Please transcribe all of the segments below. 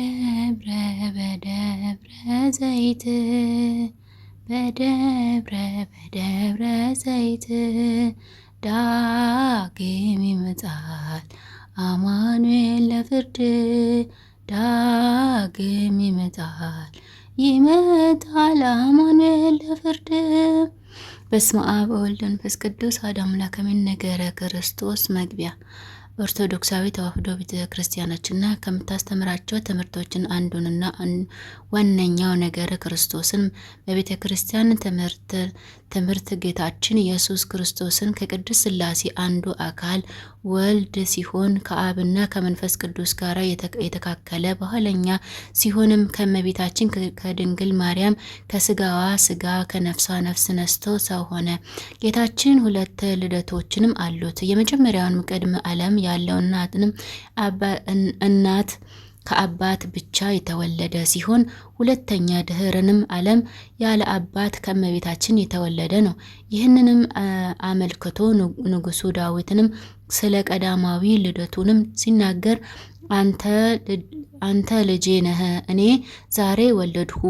በደብረ በደብረ ዘይት በደብረ በደብረ ዘይት ዳግም ይመጣል አማኑኤል ለፍርድ ዳግም ይመጣል ይመጣል አማኑኤል ለፍርድ። በስመ አብ ወወልድ ወመንፈስ ቅዱስ አሐዱ አምላክ። የሚነገረ ክርስቶስ መግቢያ ኦርቶዶክሳዊ ተዋህዶ ቤተ ክርስቲያናችንና ከምታስተምራቸው ትምህርቶችን አንዱንና ዋነኛው ነገር ክርስቶስን በቤተ ክርስቲያን ትምህርት ጌታችን ኢየሱስ ክርስቶስን ከቅዱስ ሥላሴ አንዱ አካል ወልድ ሲሆን ከአብና ከመንፈስ ቅዱስ ጋር የተካከለ በኋለኛ ሲሆንም ከመቤታችን ከድንግል ማርያም ከስጋዋ ስጋ ከነፍሷ ነፍስ ነስቶ ሰው ሆነ። ጌታችን ሁለት ልደቶችንም አሉት። የመጀመሪያውን ቅድመ ዓለም ያለው እናትንም እናት ከአባት ብቻ የተወለደ ሲሆን ሁለተኛ ድህርንም ዓለም ያለ አባት ከእመቤታችን የተወለደ ነው። ይህንንም አመልክቶ ንጉሱ ዳዊትንም ስለ ቀዳማዊ ልደቱንም ሲናገር አንተ ልጄ ነህ፣ እኔ ዛሬ ወለድሁ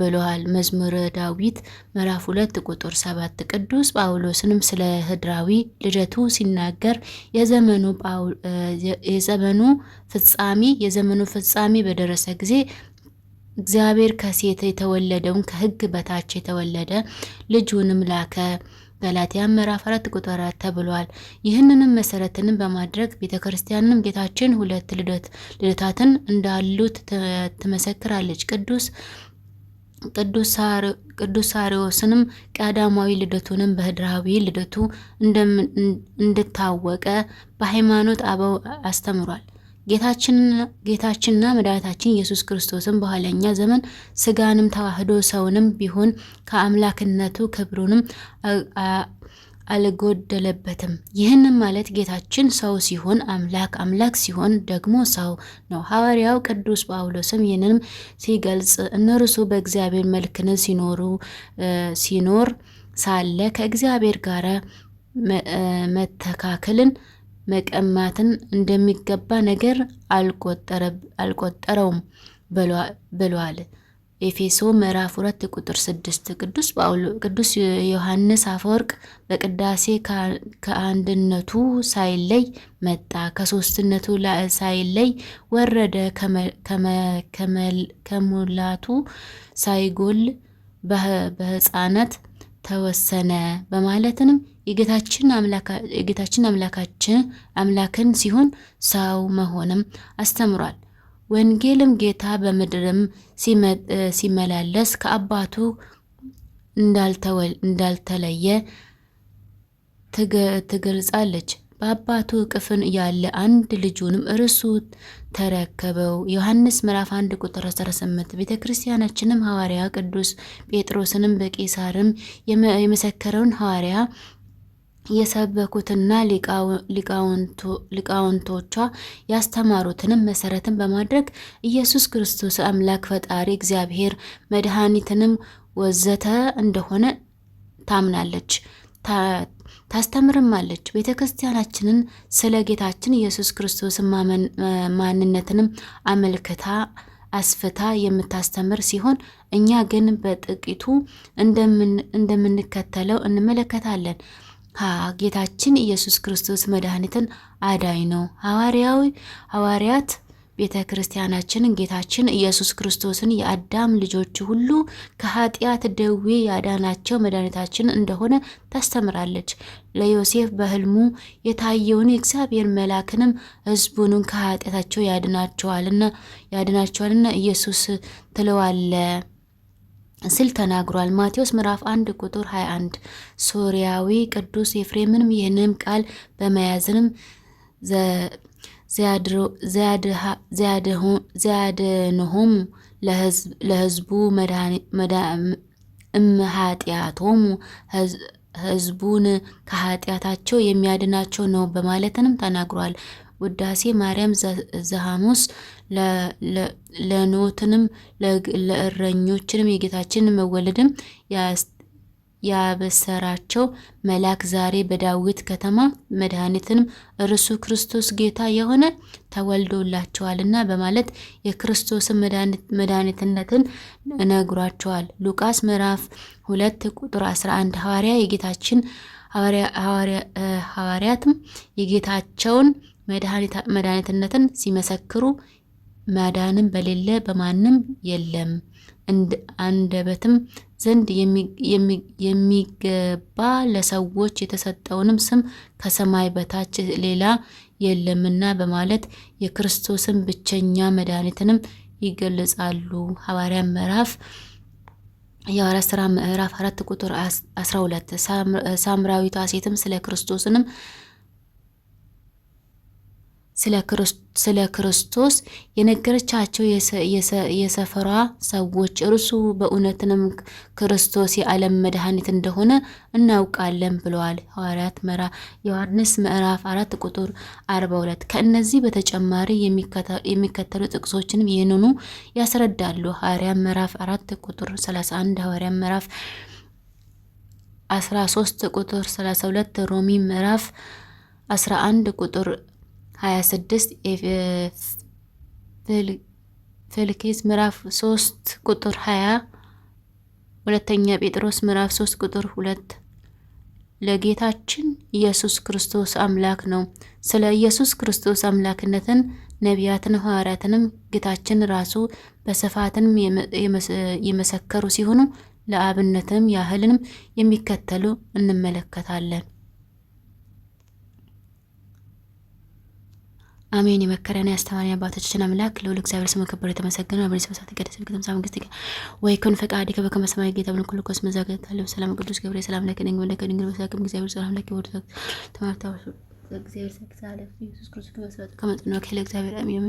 ብለዋል። መዝሙረ ዳዊት ምዕራፍ ሁለት ቁጥር ሰባት ቅዱስ ጳውሎስንም ስለ ህድራዊ ልደቱ ሲናገር የዘመኑ ፍጻሜ የዘመኑ ፍጻሜ በደረሰ ጊዜ እግዚአብሔር ከሴት የተወለደውን ከህግ በታች የተወለደ ልጁንም ላከ ገላትያ ምዕራፍ አራት ቁጥር አራት ተብሏል። ይህንንም መሰረትንም በማድረግ ቤተ ክርስቲያንም ጌታችን ሁለት ልደታትን እንዳሉት ትመሰክራለች። ቅዱስ ቅዱስ ሳሪዎስንም ቀዳማዊ ልደቱንም በህድራዊ ልደቱ እንድታወቀ በሃይማኖት አበው አስተምሯል። ጌታችንና መድኃኒታችን ኢየሱስ ክርስቶስን በኋለኛ ዘመን ስጋንም ተዋህዶ ሰውንም ቢሆን ከአምላክነቱ ክብሩንም አልጎደለበትም። ይህንም ማለት ጌታችን ሰው ሲሆን አምላክ፣ አምላክ ሲሆን ደግሞ ሰው ነው። ሐዋርያው ቅዱስ ጳውሎስም ይህንም ሲገልጽ እነርሱ በእግዚአብሔር መልክን ሲኖሩ ሲኖር ሳለ ከእግዚአብሔር ጋር መተካከልን መቀማትን እንደሚገባ ነገር አልቆጠረውም ብሏል። ኤፌሶ ምዕራፍ ሁለት ቁጥር ስድስት ቅዱስ ጳውሎ ቅዱስ ዮሐንስ አፈወርቅ በቅዳሴ ከአንድነቱ ሳይለይ መጣ፣ ከሶስትነቱ ሳይለይ ወረደ፣ ከሙላቱ ሳይጎል በሕፃናት ተወሰነ በማለትንም የጌታችን አምላካችን አምላክን ሲሆን ሰው መሆንም አስተምሯል። ወንጌልም ጌታ በምድርም ሲመላለስ ከአባቱ እንዳልተለየ ትገልጻለች። በአባቱ እቅፍን ያለ አንድ ልጁንም እርሱ ተረከበው። ዮሐንስ ምዕራፍ 1 ቁጥር 18። ቤተ ክርስቲያናችንም ሐዋርያ ቅዱስ ጴጥሮስንም በቄሳርም የመሰከረውን ሐዋርያ የሰበኩትና ሊቃውንቶቿ ያስተማሩትንም መሰረትን በማድረግ ኢየሱስ ክርስቶስ አምላክ ፈጣሪ እግዚአብሔር መድኃኒትንም ወዘተ እንደሆነ ታምናለች ታስተምርማለች። ቤተ ክርስቲያናችንን ስለ ጌታችን ኢየሱስ ክርስቶስ ማንነትንም አመልክታ አስፍታ የምታስተምር ሲሆን እኛ ግን በጥቂቱ እንደምንከተለው እንመለከታለን። ጌታችን ኢየሱስ ክርስቶስ መድኃኒትን አዳኝ ነው። ሐዋርያዊ ሐዋርያት ቤተ ክርስቲያናችንን ጌታችን ኢየሱስ ክርስቶስን የአዳም ልጆች ሁሉ ከኃጢአት ደዌ ያዳናቸው መድኃኒታችን እንደሆነ ታስተምራለች። ለዮሴፍ በሕልሙ የታየውን የእግዚአብሔር መልአክንም ሕዝቡንም ከኃጢአታቸው ያድናቸዋልና ያድናቸዋልና ኢየሱስ ትለዋለ ስል ተናግሯል። ማቴዎስ ምዕራፍ 1 ቁጥር 21 ሶሪያዊ ቅዱስ ኤፍሬምንም ይህንም ቃል በመያዝንም ዘያድንሆም ለህዝቡ እምኃጢአቶሙ ህዝቡን ከኃጢአታቸው የሚያድናቸው ነው በማለትንም ተናግሯል። ውዳሴ ማርያም ዘሐሙስ ለኖትንም ለእረኞችንም የጌታችንን መወለድም ያበሰራቸው መልአክ ዛሬ በዳዊት ከተማ መድኃኒትንም እርሱ ክርስቶስ ጌታ የሆነ ተወልዶላቸዋልና በማለት የክርስቶስን መድኃኒትነትን ነግሯቸዋል። ሉቃስ ምዕራፍ ሁለት ቁጥር 11 ሐዋርያ የጌታችን ሐዋርያትም የጌታቸውን መድኃኒትነትን ሲመሰክሩ ማዳንም በሌለ በማንም የለም አንደበትም ዘንድ የሚገባ ለሰዎች የተሰጠውንም ስም ከሰማይ በታች ሌላ የለምና በማለት የክርስቶስን ብቸኛ መድኃኒትንም ይገልጻሉ። ሐዋርያ ምዕራፍ የሐዋርያ ስራ ምዕራፍ አራት ቁጥር አስራ ሁለት ሳምራዊቷ ሴትም ስለ ክርስቶስንም ስለ ክርስቶስ የነገረቻቸው የሰፈሯ ሰዎች እርሱ በእውነትንም ክርስቶስ የዓለም መድኃኒት እንደሆነ እናውቃለን ብለዋል። ሐዋርያት መራ ዮሐንስ ምዕራፍ አራት ቁጥር አርባ ሁለት ከእነዚህ በተጨማሪ የሚከተሉ ጥቅሶችንም ይህንኑ ያስረዳሉ። ሐዋርያ ምዕራፍ አራት ቁጥር ሰላሳ አንድ ሐዋርያ ምዕራፍ አስራ ሶስት ቁጥር ሰላሳ ሁለት ሮሚ ምዕራፍ አስራ አንድ ቁጥር 26 ፊልክስ ምዕራፍ 3 ቁጥር 20 ሁለተኛ ጴጥሮስ ምዕራፍ 3 ቁጥር 2 ለጌታችን ኢየሱስ ክርስቶስ አምላክ ነው። ስለ ኢየሱስ ክርስቶስ አምላክነትን ነቢያትን ሐዋርያትንም ጌታችን ራሱ በስፋትን የመሰከሩ ሲሆኑ ለአብነትም ያህልንም የሚከተሉ እንመለከታለን። አሜን። የመከረን ያስተማረን አባቶችን አምላክ ለሁሉ እግዚአብሔር ስሙ ክብር የተመሰገነ አብሬ ሰብሳት ቀደስ ቅደም ሳም ግስት ወይ ኩን ፈቃድ ከበከመ በሰማይ ጌታ ብለን ኩሉ ኮስ መዛገት ሰላም ቅዱስ ገብርኤል ሰላም ለከን ንግ መለከ ንግ ወሳከም እግዚአብሔር ሰላም ለከ ወደ ተማርታው እግዚአብሔር ሰክሳለ ኢየሱስ ክርስቶስ ከመስራት ከመጥኖ ከለ እግዚአብሔር አሜን።